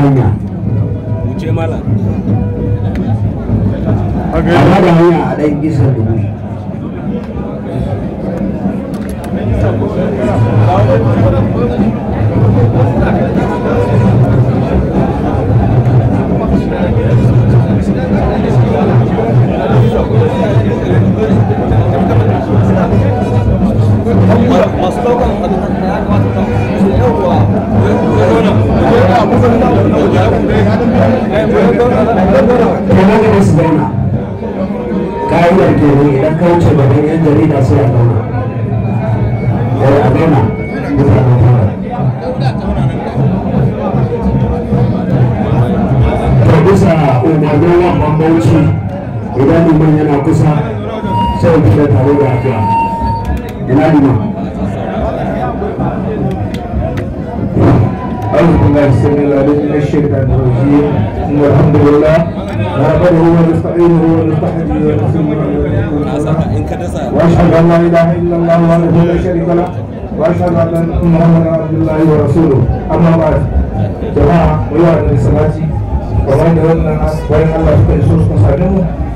hanya wuce malam amma da hanya a ɗan gisa dubu kamar su zauna ka'idar ne idan ka wuce gaban yan jarida sai ya zauna wai a zauna mutane fara ta bisa umarnin wannan bauchi idan liman yana kusa sai fita tare da haka, ina liman الله السميع العليم من الشيطان الرجيم ان الحمد لله نحمده ونستعينه ونستهديه ونستغفره واشهد ان لا اله الا الله وحده لا شريك له واشهد ان محمدا عبد الله ورسوله اما بعد جماعه ويا من صلاتي ومن يولنا الله سبحانه وتعالى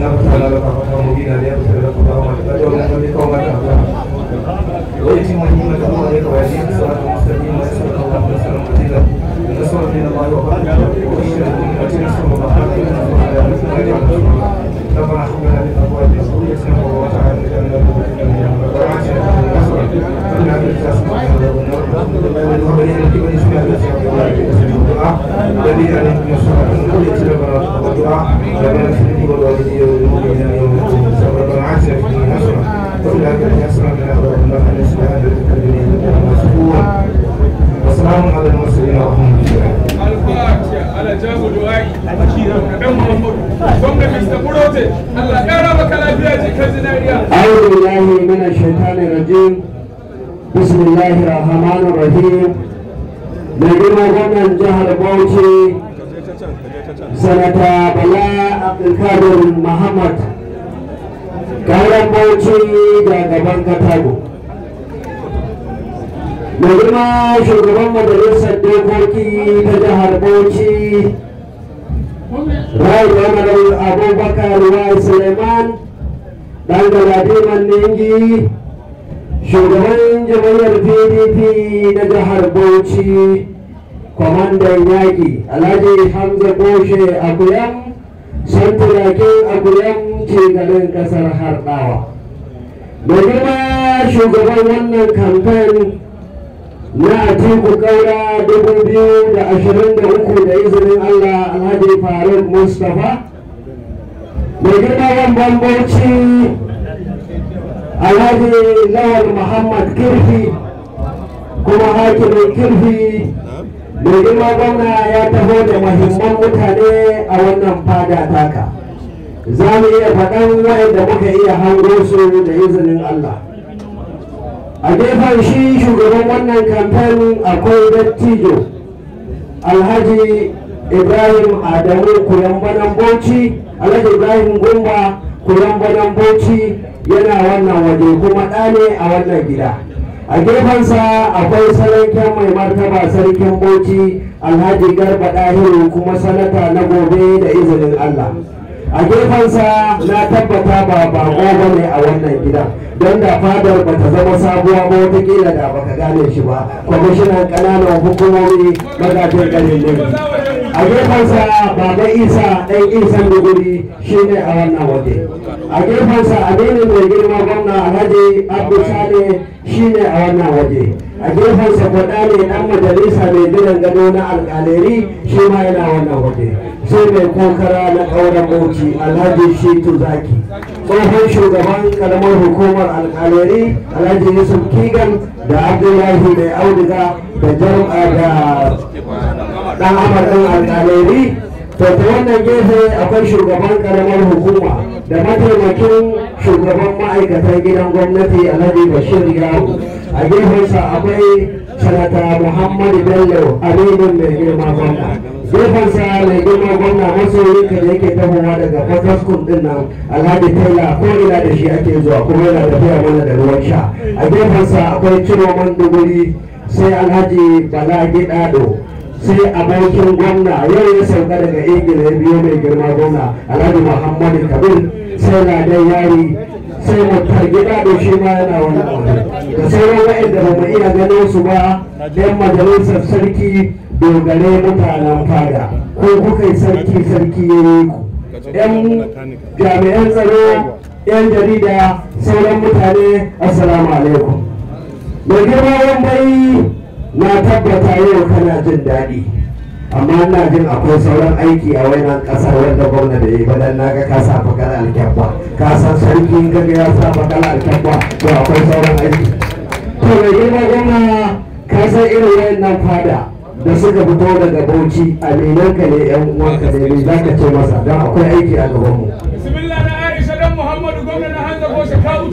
ونغفر لك وارحم بنا ليغفر لك اللهم لك ونحمدك وما ويتم نعمته عليك ويهديك الصراط المستقيم ويسألك اللهم نسألك مزيدا من نصر من الله وبركاته وبشر الأمة نصر الله عليك ربنا هب لنا من أبوابنا ذريتنا قوة عين لنا الذي عليك من الصلاة والدعاء jamu duwai dan muhammadu gwamna mr burote allah kara maka lafiya zinariya a'udhu billahi minash shaitanir rajim bismillahir rahmanir rahim Da girma gwamnan jihar bauchi sanata bala abdulkadir muhammad karan bauchi da gaban katago da shugaban majalisar dokoki ta jihar bauchi rai mamadu abubakar wa suleiman dan galadiman ningi shugaban jam'iyyar pdp na jihar bauchi kwamandan yaƙi alhaji hamza boshe akuyam sun turakin akuyam ce ƙasar harɗawa da shugaban wannan kamfen na ku kaura dubu biyu da ashirin da uku da izinin allah alhaji faruk mustapha mai girma yan bambanci alhaji lawal muhammad kirfi kuma hakimin kirfi mai girma gwamna ya taho da mahimman mutane a wannan fada taka za mu iya faɗan da muka iya hango su da izinin allah a gefen shi shugaban wannan kamfanin akwai dattijo alhaji ibrahim adamu banan bauchi alhaji ibrahim gumba banan bauchi yana wannan waje kuma ɗane a wannan gida a gefensa akwai sarkin mai martaba sarkin bauchi alhaji garba ɗahiru kuma sanata na gobe da izinin allah a gefensa na tabbata ba bago ba ne a wannan gida don da fadar ba ta zama sabuwa ba watakila da baka gane shi ba kwamishinan ƙananan hukumomi magajin garin ne a gefensa baba isa ɗan isan duguri shi ne a wannan waje a gefensa aminin mai girma gwamna alhaji abu sale shi ne a wannan waje a gefensa kwaɗa ne ɗan majalisa mai gidan gado na alƙaleri shi ma yana wannan waje sai mai kokara na kauran bauchi alhaji shitu zaki tsohon shugaban karamar hukumar alkalari alhaji yusuf kigan da abdullahi mai auduga da jama'a da dan amurkan alkalari to ta wannan gefe akwai shugaban karamar hukuma da mataimakin shugaban ma'aikatan gidan gwamnati alhaji bashir yawo a gefensa akwai sanata muhammadu bello aminin mai girma gwamna gefensa mai girma gwamna masoyin ka yake tahowa daga fasaskun din nan alhaji taila ko ina da shi ake zuwa kuma yana tafiya mana da ruwan sha a gefensa akwai ciroman duguri sai alhaji bala gidado sai abokin gwamna yau ya sauka daga ingila ya biyo mai girma gwamna alhaji muhammadu kabir sai ladan yari sai mutum gida da shi ma yana wani da sauran waɗanda ba mu iya ganin su ba dan majalisar sarki dogare mutanen fada ko kuka sarki sarki ya yi ku yan jami'an tsaro yan jarida sauran mutane assalamu alaikum da girma bai na tabbata yau kana jin daɗi amma ina jin akwai sauran aiki a wannan kasar wanda gwamna da yi badan na ga ka sa alkyabba ka san sarki ga ya sa bakar alkyabba to akwai sauran aiki to mai girma magana ka san irin wayannan fada da suka fito daga bauchi a aminanka ne yan uwanka ne za ka ce masa don akwai aiki a gabanmu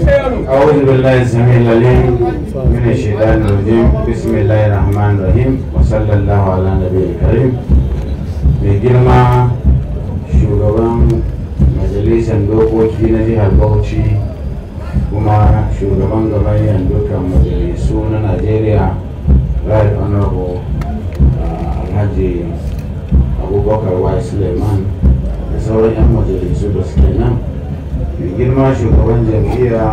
أعوذ بالله السميع العليم من الشيطان الرجيم بسم الله الرحمن الرحيم وصلى الله على النبي الكريم mai girma shugaban majalisar dokoki na jihar bauchi kuma shugaban gabayar dukkan majalisu na najeriya right honorable uh, abubakar wa suleiman da sauran 'yan majalisu da suke mai girma shugaban jam'iyya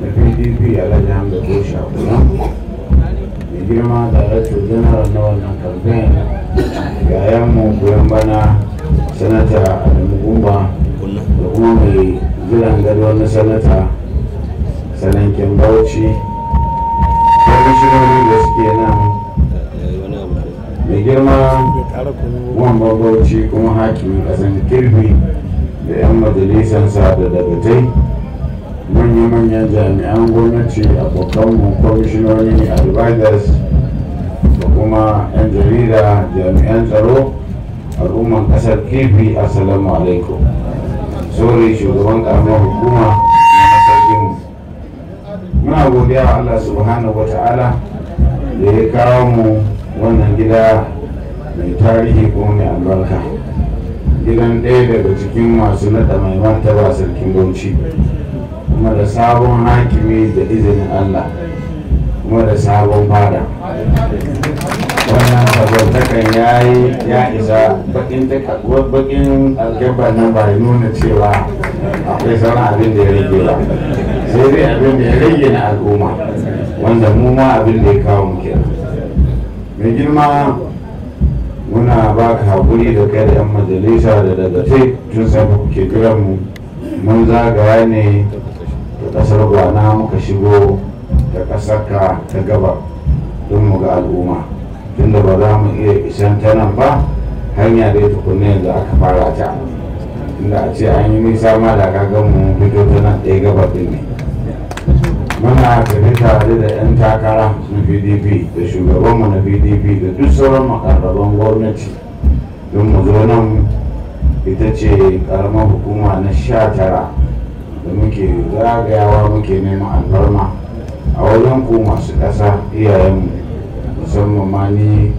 na pdp alhaji hamda goshi kuma kuna mai girma director general na wannan campaign yayan mu goyon bana sanata adamu gumba da kuma mai jiran gado na sanata sanankin bauchi kwamishinoni da suke nan mai girma wan bauchi kuma a kasan kirbi da 'yan sa da dagatai manya-manyan jami'an gwamnati abokanmu kwamishinoni advisors da kuma 'yan jarida jami'an tsaro al'umman kasar kifi assalamu alaikum sore shugaban karamar hukuma na kasarkinmu muna godiya wa allah subhanahu wa ta'ala da ya kawo mu wannan gida mai tarihi kuma mai albarka gidan ɗaya daga cikin masu naɗa mai martaba sarkin bauchi kuma da sabon hakimi da izinin allah kuma da sabon fada wannan sabantakan ya yi ya isa bakin alkebar na ba nuna cewa akwai zama abin da ya rage ba sai dai abin da ya rage na al'umma wanda mu ma abin da ya kawo mu kira mai girma muna ba ka haƙuri da kai da 'yan majalisa da daga te tun sai ke kiran mu mun zagaya ne da ƙasar gwana muka shigo da ƙasar ka ta gaba don mu ga al'umma tun da ba za mu iya isan ta nan ba hanya da ya tukunne da aka fara ta inda a ce an yi nisa ma da kagan mu fito ta nan ɗaya gaba ɗin ne muna tafi tare da 'yan takara na pdp da shugabanmu na pdp da duk sauran makarraban gwamnati don mu zo nan ita ce karamar hukuma na sha tara da muke zagayawa muke neman alfarma a wajen ku masu ƙasa iyayenmu musamman ma ni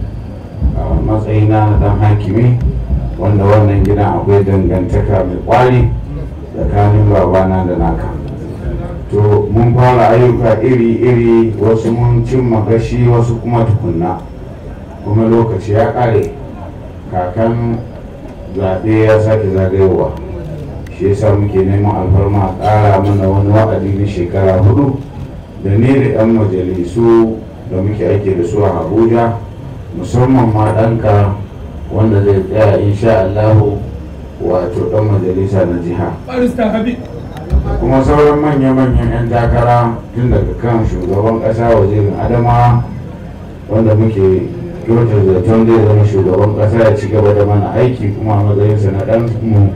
a matsayina na dan hakimi wanda wannan gina akwai dangantaka mai kwari tsakanin babana da naka to mun fara ayyuka iri-iri wasu mun cimma gashi wasu kuma tukunna kuma lokaci ya kare kakan zaɓe ya sake zagayowa shi yasa muke neman alfarma ƙara mana wani wa'adi na shekara hudu da ne da 'yan majalisu da muke aiki da su a abuja musamman ma ɗanka wanda zai tsaya insha allahu wato ɗan majalisa na jiha kuma sauran manya-manyan 'yan takara tun daga kan shugaban kasa wazirin adama wanda muke kyautar zaton zai zama shugaban kasa ya ci gaba da mana aiki kuma a matsayinsa na dan mu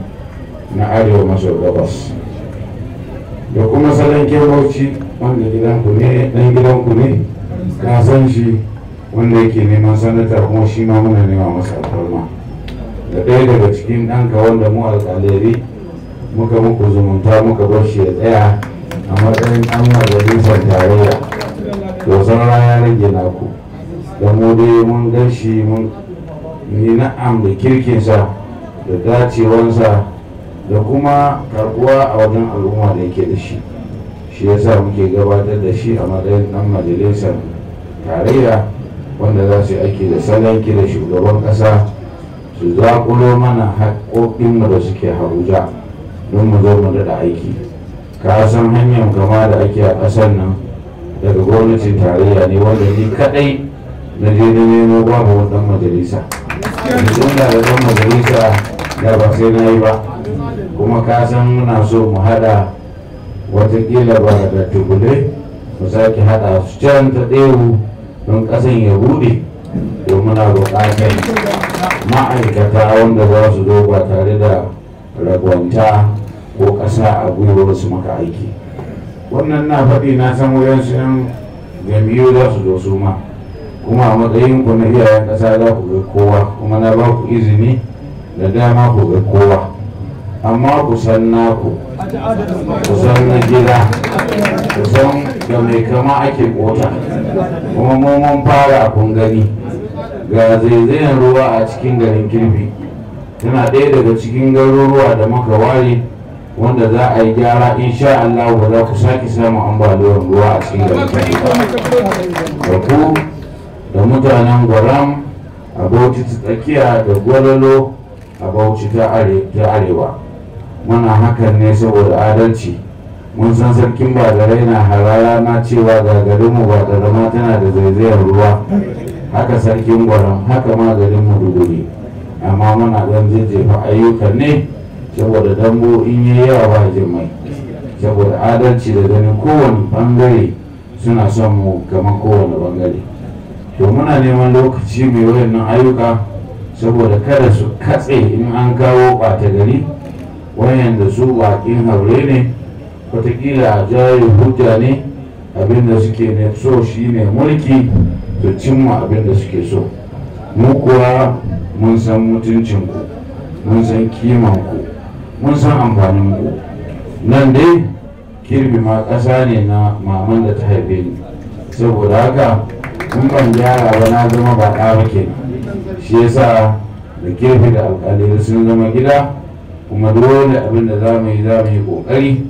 na arewa maso gabas da kuma salon kebauci wanda gidanku ne dan ku ne ka san shi wanda yake neman sanata kuma shi ma muna nema masa alfarma da ɗaya daga cikin ɗanka wanda mu alƙalari muka muku zumunta muka bar shi ya tsaya a matsayin an majalisar tarayya to san raya rage naku da mu dai mun gan shi mun yi na'am da kirkinsa da dacewansa da kuma karbuwa a wajen al'umma da yake da shi shi ya sa muke gabatar da shi a matsayin ɗan majalisar tarayya wanda za su yi aiki da salanki da shugaban ƙasa su zaƙulo mana haƙoƙinmu da suke haruja. don mu zo mu da aiki ka san hanyar kama da ake a ƙasar nan daga gwamnatin tarayya ne wanda ni kaɗai na je na nemo babu ɗan majalisa idan da ɗan majalisa da ba sai na yi ba kuma ka san muna so mu haɗa watakila ba da tubule mu sake haɗa su can ta ɗewu don ƙasan ya buɗe don muna buƙatar ma'aikata wanda za su zo ba tare da ragwanta ko ƙasa a gwiwar su maka aiki wannan na faɗi na san wajen su yan jami'u za su zo su ma kuma a matsayin ku na iyayen ƙasa za ku ga kowa kuma na ba ku izini da dama ku ga kowa amma ku san naku ku san na gida ku san da mai kama ake kota kuma mun fara kun gani ga zaizayen ruwa a cikin garin kirfi tana ɗaya daga cikin garuruwa da maka ware wanda za a yi gyara insha Allah ba za ku sake samun ambaliyar ruwa a cikin da ku da mutanen gwaram a bauchi ta tsakiya da gwalolo a bauchi ta arewa muna hakan ne saboda adalci mun san sarkin ba da raina harara na cewa ga garinmu ba da rama tana da zaizayar ruwa haka sarkin gwaram haka ma garinmu duguri amma muna ɗan jejjefa ayyukan ne saboda dambo in yi yawa ba jirmai saboda adalci da ganin kowane bangare suna son mu gama kowane bangare to muna neman lokaci mai wayannan ayyuka saboda kada su katse in an kawo ɓata gari wayanda su bakin haure ne watakila jayin hujja ne abinda suke ne so shi ne mulki su cimma abinda suke so mu kuwa mun san mutuncinku mun san kimanku mun san amfanin mu nan dai kirbi ma ƙasa ne na maman da ta haife ni saboda haka in ban gyara ba na zama ba ɗa ba ke shi yasa da kirfi da alƙalai sun zama gida kuma dole abin da za mu yi za mu yi ƙoƙari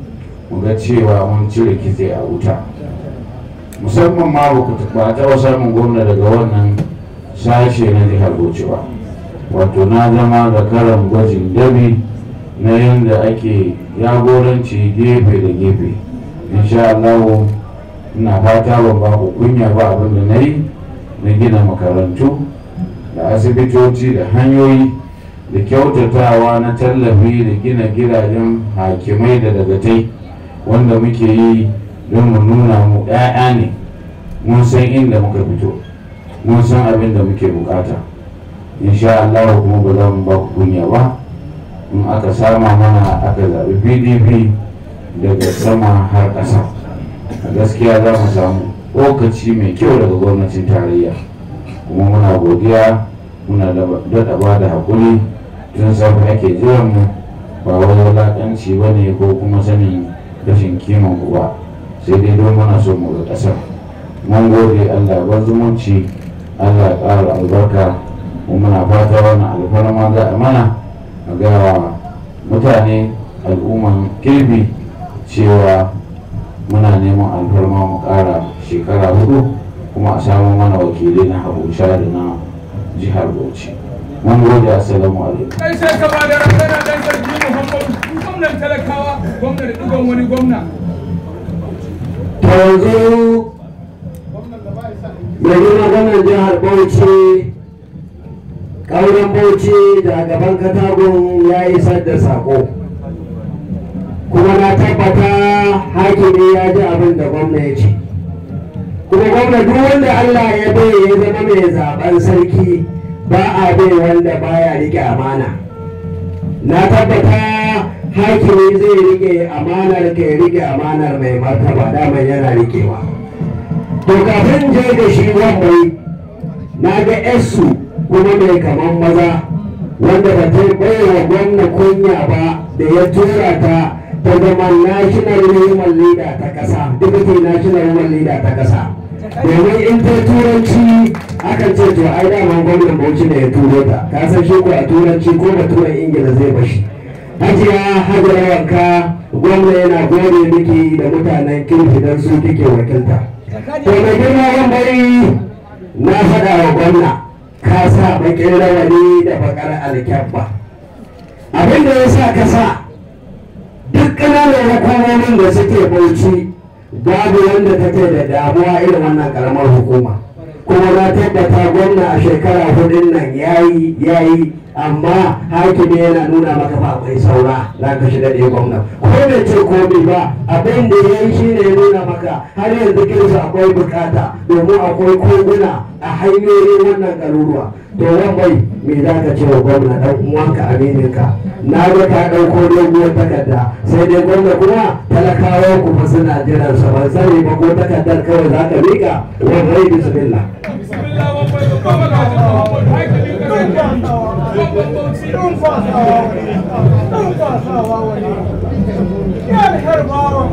mu ga cewa mun cire kitse a wuta musamman ma ba taɓa samun gwamna daga wannan sashe na jihar bauchi wato na zama karan gwajin dami na yadda ake jagoranci gefe da gefe insha Allah ina fata ban ba ku kunya ba abin da na yi na gina makarantu da asibitoci da hanyoyi da kyautatawa na tallafi da gina gidajen hakimai da dagatai wanda muke yi don mu nuna mu ɗaya ne mun san inda muka fito mun san abin da muke bukata insha Allah kuma ba za mu ba ku kunya ba in aka sama mana aka zaɓi pdp daga sama har ƙasa a gaskiya za mu samu lokaci mai kyau daga gwamnatin tarayya kuma muna godiya muna daɗaɓa da haƙuri tun safe ake jiran mu ba wani wulaƙanci ba ne ko kuma sanin rashin kiman ku ba sai dai don muna so mu ga ƙasar mun gode allah ba zumunci allah ƙara albarka muna fata wannan alfarma za a mana a gawa mutane al'umman kirbi cewa muna neman alfarma mu kara shekara hudu kuma a samu mana wakilai na habusha da na jihar bauchi mun gode assalamu alaikum kai sai ka ba da rantana dan sarki muhammadu gwamnan talakawa gwamnan digon wani gwamna yanzu ya nuna gwamnan jihar bauchi ƙaunar bauchi da gaban katagun ya isar da sako kuma na tabbata hakimi ya ji abin da gwamna ya ce kuma gwamna duk wanda allah ya bai ya zama mai zaben sarki ba a bai wanda baya rike amana na tabbata hakimi zai rike amanar ka ya rike amanar mai martaba daman yana rikewa to kafin je da shi wanda na ga 'yarsu kuma mai kaman maza wanda ba ta baiwa gwamna kunya ba da ya tura ta ta zama national human leader ta kasa deputy national human leader ta kasa domin in ta turanci akan ce to ai daman gwamnan bauchi da ya turo ta ka san shi ko a turanci ko turan ingila zai bashi hajiya hajiyar wanka gwamna yana gode miki da mutanen kirki don su kike wakilta to mai girma yan bari na faɗa wa gwamna ka sa baƙin rawani da baƙar alkyabba abin da ya sa ka sa duk ƙananan rakwanonin da suke bauchi babu wanda take da damuwa irin wannan ƙaramar hukuma kuma na ta gwamna a shekara hudun nan yayi yayi amma ne yana nuna maka ba akwai saura na ka shi daɗe gwamna ko da ce ko bai ba abin da ya yi shi ne nuna maka har yanzu kinsu akwai bukata domin akwai koguna a hanyoyin wannan garuruwa domin bai me za ka ce wa gwamna dan uwanka amininka na ga ta ɗauko doguwar takarda sai dai gwamna kuma talakawa ku fa suna jiran sa ban sani ba ko takardar kawai za ka miƙa wa bismillah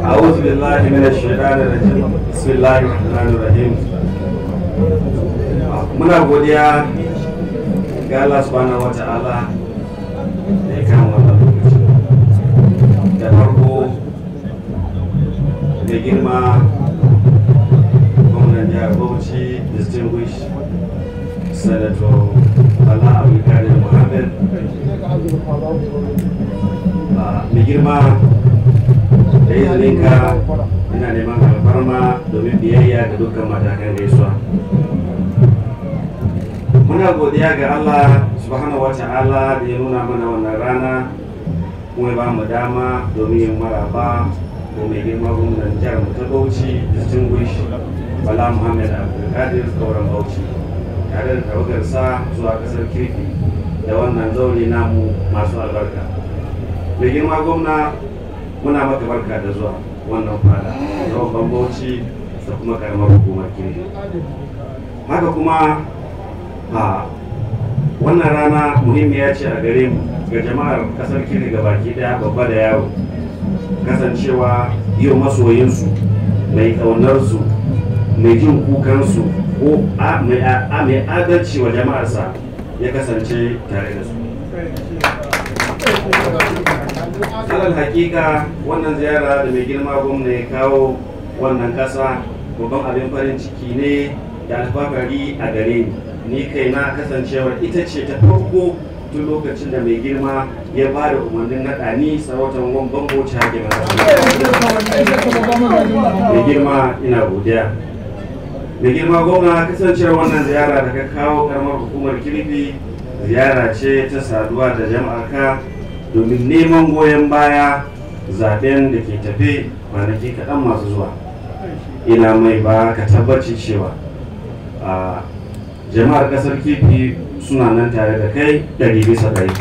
أعوذ بالله من الشيطان الرجيم بسم الله الرحمن الرحيم muna بوديا ga Allah subhanahu wata'ala da ya kama wannan lokaci da farko da girma gwamnan jihar bauchi distinguished senator bala abdulkadir muhammad ah, mai girma da izininka ina neman alfarma domin biyayya da dukkan matakan gaisuwa muna godiya ga Allah subhanahu wata'ala da ya nuna mana wannan rana kuma ba mu dama domin yin maraba da mai girma gwamnan jihar mu ta Bauchi distinguish Bala Muhammad Abdulkadir Kauran Bauchi tare da tawagarsa zuwa kasar kirki da wannan zaune namu masu albarka mai girma gwamna muna maka barka da zuwa wannan fada zaun Bauchi da kuma karamar hukumar kirki haka kuma a wannan rana muhimmiya ce a gare mu ga jama'ar kasar kiri ga baki daya babba da yawo kasancewa yau masoyinsu mai ƙaunarsu mai jin kukansu ko mai adalci wa jama'arsa ya kasance tare da su alal hakika wannan ziyara da mai girma gwamna ya kawo wannan ƙasa babban abin farin ciki ne da alfahari a gare ni ni kaina na kasancewar ita ce ta farko tun lokacin da mai girma ya ba da umarnin naɗa ni sarautar wamban bauchi hake mai girma ina godiya mai girma gwamna kasancewar wannan ziyara da ka kawo karamar hukumar kirfi ziyara ce ta saduwa da Jama'a domin neman goyon baya zaben da ke tafe kwanaki kaɗan masu zuwa ina mai ba ka tabbaci cewa ah, jama'ar kasar kifi suna nan tare da kai ɗari bisa ɗari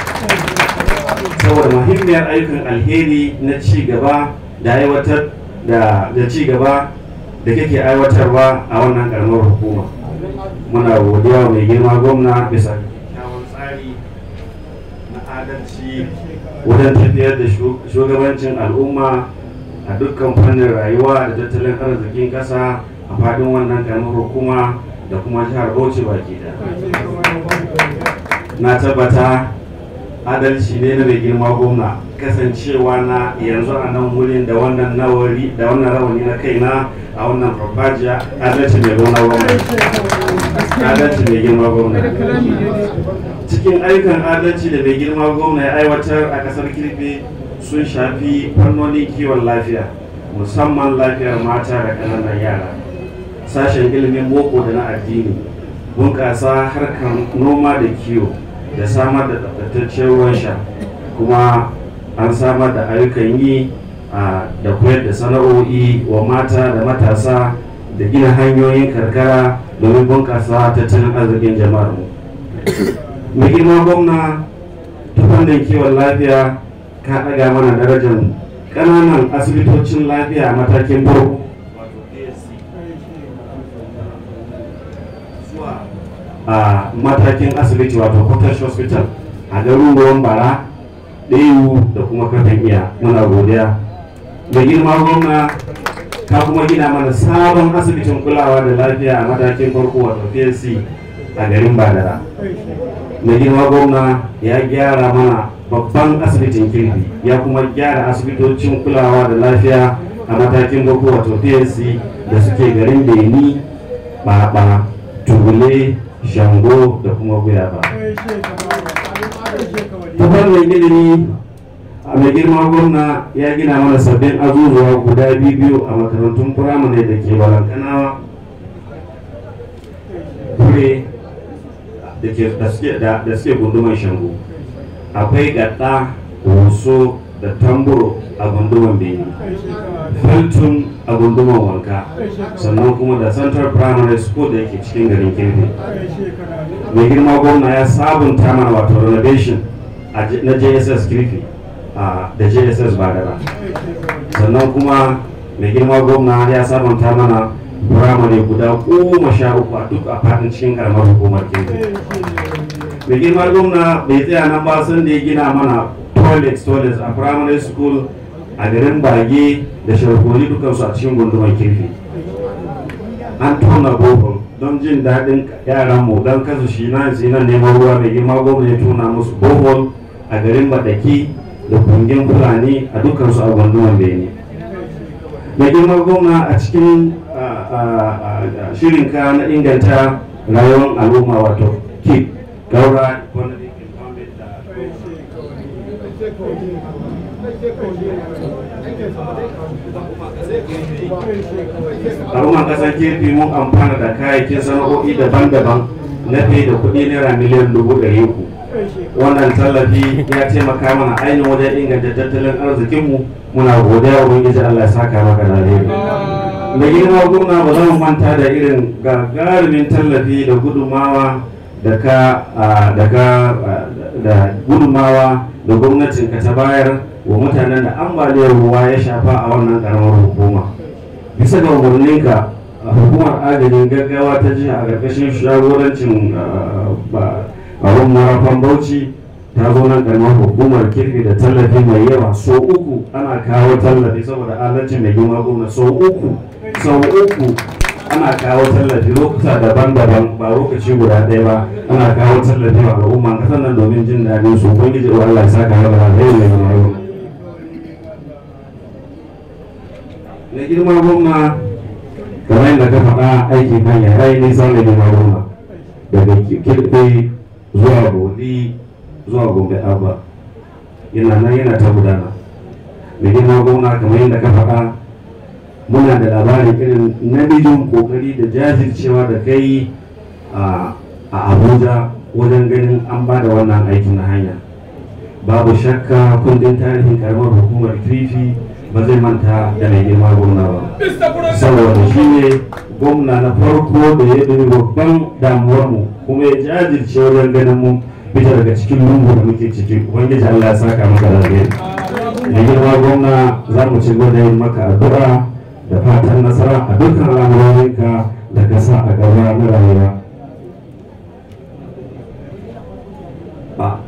saboda mahimmiyar aikin alheri na ci gaba da aiwatar da ci gaba da kake aiwatarwa a wannan karamar hukuma muna godiya mai girma gwamna bisa kyakkyawan tsari na adalci wajen tafiyar da shugabancin al'umma a dukkan fannin rayuwa da tattalin arzikin ƙasa a faɗin wannan karamar hukuma da kuma jihar bauchi baki da na tabbata adalci ne na mai girma gwamna kasancewa na yanzu a nan wurin da wannan nawari da wannan rawani na kaina a wannan farfajiya adalci mai gwamna gwamna adalci mai girma gwamna cikin ayyukan adalci da mai girma gwamna ya aiwatar a kasar kirfe sun shafi fannonin kiwon lafiya musamman lafiyar mata da ƙananan yara sashen ilimin boko da na addini bunƙasa harkar noma da kiwo da samar da tsaftataccen ruwan sha kuma an samar da ayyukan yi da koyar da sana'o'i wa mata da matasa da gina hanyoyin karkara domin bunƙasa tattalin arzikin jama'ar mu mai gwamna ta fannin kiwon lafiya ka ɗaga mana darajar ƙananan asibitocin lafiya a matakin farko a matakin asibiti wato Potash hospital a garin ruwan bara ɗayu da kuma iya muna godiya da girma gwamna ta kuma gina mana sabon asibitin kulawa da lafiya a matakin farko wato psc a garin badara da girma gwamna ya gyara mana babban asibitin kirki ya kuma gyara asibitocin kulawa da lafiya a matakin farko wato psc da suke garin beni ba tugule shangu da kuma guyaba ta mai ilimi a mai girma gwamna ya gina mana sabbin azuzuwa guda biyu a makarantun firamare da ke balankanawa kure da suke gundumar shango akwai gadda wasu da tamburo a gunduman beni filtun a gunduman wanka sannan kuma da central primary school da yake cikin garin kirfi mai girma gwamna ya sabunta mana wato renovation na jss kirfi da jss badara sannan kuma mai girma gwamna ya sabunta mana firamare guda goma sha uku a duk a fadin cikin karamar hukumar kirfi mai girma gwamna bai tsaya nan ba sun da ya gina mana toilet toilet a primary school a garin bage da shirkoli dukansu a cikin gundumar kirfi an tona bohol don jin daɗin yaran mu don kasu shi na shi neman ruwa mai girma goma ya tona musu bohol a garin baɗaki da kungin fulani a dukansu a gundumar bene mai girma goma a cikin shirinka na inganta rayuwar al'umma wato kip gaura economic al'umman kasar kefi mun amfana da kayayyakin sana'o'i daban-daban na fiye da kuɗi naira miliyan dubu ɗari uku wannan tallafi ya taimaka mana ainihin wajen inganta tattalin arzikinmu muna godiya ubangiji allah ya saka maka da da girma gwamna ba zan manta da irin gagarumin tallafi da gudumawa da ka da gudunmawa da gwamnatin ka ta bayar wa mutanen da ambaliyar ruwa ya shafa a wannan karamar hukuma bisa ga umarninka hukumar agajin gaggawa ta jiya a ƙarƙashin shagorancin abin marafan bauchi ta zo nan karamar hukumar kirki da tallafi mai yawa sau uku ana kawo tallafi saboda adalci mai girma gwamna so uku sau uku ana kawo tallafi lokuta daban-daban ba lokaci guda ɗaya ba ana kawo tallafi wa al'umma kasar nan domin jin daɗin su ubangiji wa Allah ya saka maka da yi ne yawa da girma gwamna kamar yadda ka faɗa aiki kan ya rai nisan da girma gomma daga kirɓe zuwa gobe zuwa gobe abba yana nan yana ta gudana da girma gwamna kamar yadda ka faɗa muna da labarin irin namijin kokari da jajircewa da kai a abuja wajen ganin an ba da wannan aikin na hanya babu shakka kundin tarihin karamar hukumar fifi ba zai manta da mai girma gwamna ba saboda shi ne gwamna na farko da ya ɗari babban damuwarmu kuma ya jajirce wajen ganin mu fita daga cikin lungu da muke ciki ubangiji allah ya saka maka da mai girma gwamna za mu ci gwada yin maka addu'a da fatan nasara a dukkan al'amuranka da ka a gaba na rayuwa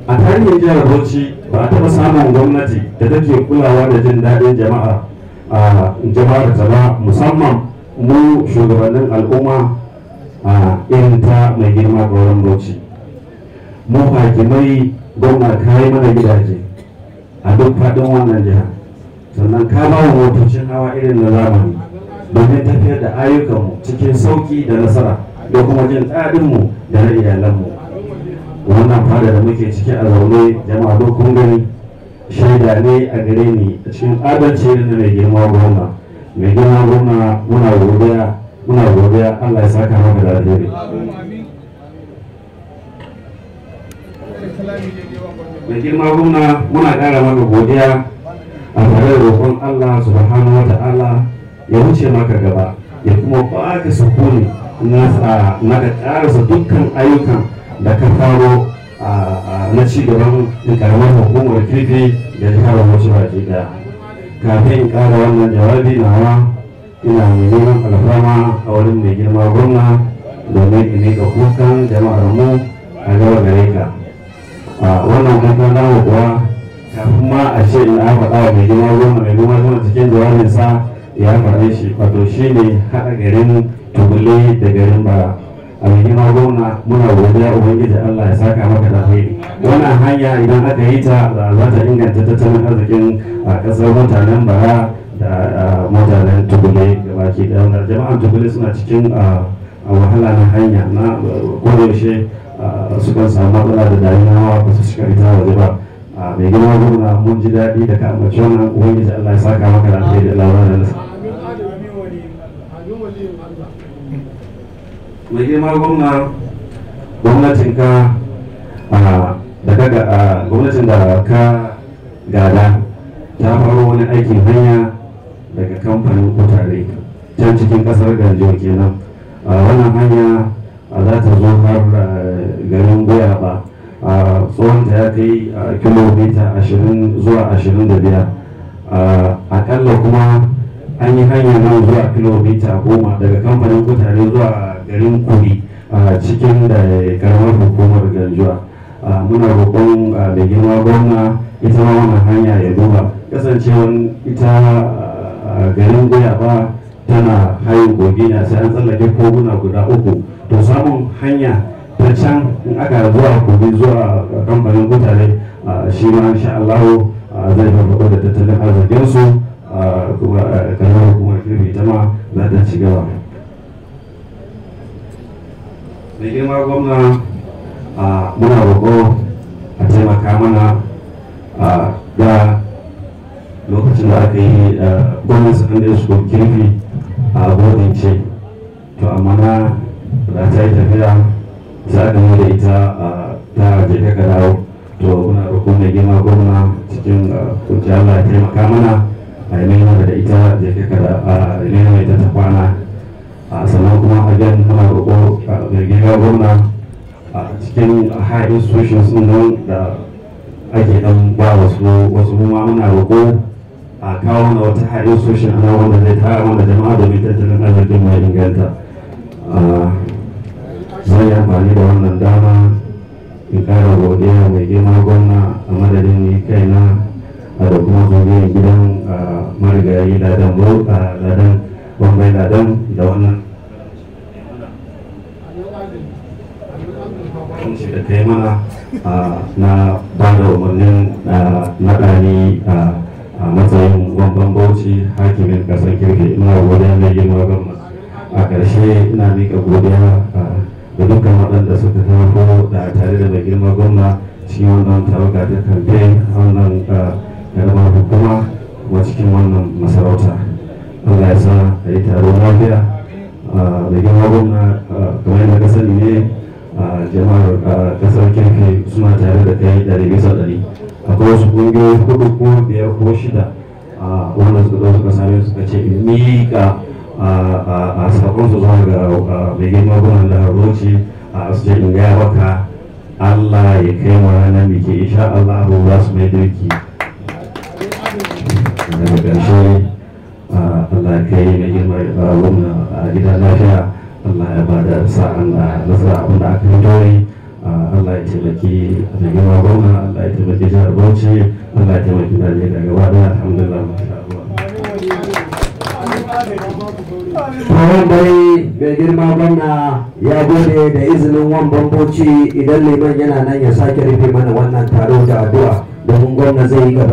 a tarihin jihar bauchi ba a taɓa samun gwamnati da take kulawa da jin daɗin jama'a a jama'ar ta ba musamman mu shugabannin al'umma a irin ta mai girma ga wurin bauchi mu hakimai gwamna kayi mana gidaje a duk faɗin wannan jihar sannan ka ba mu motocin hawa irin na zamani domin tafiyar da ayyukanmu cikin sauƙi da nasara da kuma jin daɗinmu da na iyalanmu wannan fada da muke ciki a zaune jama'a duk kun gani shaida ne a gare ni a cikin adalci da mai girma gwamna mai girma gwamna muna godiya muna godiya Allah ya saka maka da alheri mai girma gwamna muna ƙara maka godiya da roƙon Allah subhanahu wata ya wuce maka gaba ya kuma baka sukuni na na da ƙarasa dukkan ayyukan da ka faro na ci gaban karamar hukumar kirki da jihar wasu baki daya kafin in ƙara wannan jawabi nawa ina mai neman alfama a wurin mai girma gwamna domin in ga kukan jama'ar mu a gaba gare ka wannan kankan damu kuwa kafin ma a ce na faɗa wa mai girma goma mai girma cikin jawabin sa ya faɗa shi wato shi ne haɗa garin tubule da garin bara a mai girma goma muna godiya ubangiji allah ya saka maka da alheri wannan hanya idan aka yi ta za ta inganta tattalin arzikin a ƙasar mutanen bara da mutanen tubule gabaki ɗaya jama'an tubule suna cikin wahala na hanya na kodayaushe sukan samu matsala da damuwa ba su shiga ita waje ba Ah, mai girma gwamna mun ji daɗi da ka ambaci wannan ubangiji Allah ya saka maka da alheri da labarin nasa mai girma na gwamnatin ka ah, da ka ah, gwamnatin da ka gada ta faro wani aikin hanya daga kamfanin kutare can cikin kasar Gajiya kenan wannan hanya za ta zo har garin goya ba tsawon ta ya kai kilomita 20 zuwa 25 akalla kuma an yi hanyar nan zuwa kilomita 10 daga kamfanin kutare zuwa garin kuri a cikin da karamar hukumar ganjuwa muna roƙon da girma gwamna ita ma wannan hanya ya duba kasancewar ita garin ba tana hayin goge na sai an tsallake koguna guda uku to samun hanya ta can in aka zuwa kogi zuwa a kamfanin mutane shi ma insha Allah zai farfaɗo da tattalin arzikinsu kuma kamar hukumar kirfi ta ma za ta ci gaba da girma gwamna muna roƙo a taimaka mana da lokacin da aka yi gwamnan sakandare su kirfi a gudun ce to amma na ta yi tafiya za ka da ita a ta je ka dawo to muna roƙo mai girma gwamna cikin kunci Allah ya taimaka mana a yi nema da ita jeka ka a nema ita ta kwana a sannan kuma a gan muna roƙo mai girma gwamna a cikin high institutions din nan da ake dan ba wasu wasu kuma muna roƙo a kawo na wata high institution nan wanda zai tara wanda jama'a domin tattalin arzikin mai inganta zai yi amfani da wannan dama in kara godiya mai girma gwamna a madadin ni kaina a da kuma zuriyar gidan marigayi ladan ladan bambai ladan da wannan da ta yi mana na ba da umarnin naɗani a matsayin gwamnan bauchi hakimin ƙasar kirki ina godiya mai girma gwamna a ƙarshe ina miƙa godiya da dukkan waɗanda suka taho da tare da mai girma gwamna cikin wannan tawaga ta a wannan garmar ah, hukuma kuma cikin wannan masarauta allah ya sa a yi taron lafiya ah, mai girma gwamna ah, kamar yadda ka sani ne jama'ar kasar kirki suna tare da kai ɗari bisa ɗari akwai wasu ƙungiyoyi hudu ko biyar ko shida wanda suka zo suka same suka ce miƙa a sakon zuwa ga mai girma gwamnan da harzoci a su in gaya maka allah ya kai mu ranar biki insha allah abu za su mai daga ƙarshe allah ya kai mai girma a gidan lafiya allah ya ba da sa'an da nasara abin da aka yi Allah ya taimaki da girma Allah ya taimaki jihar Bauchi Allah ya taimaki alhamdulillah Tsohon dai bai girma gwamna ya gode da izinin wan bamboci idan liman yana nan ya sake rufe mana wannan taro da addu'a domin gwamna zai yi gaba.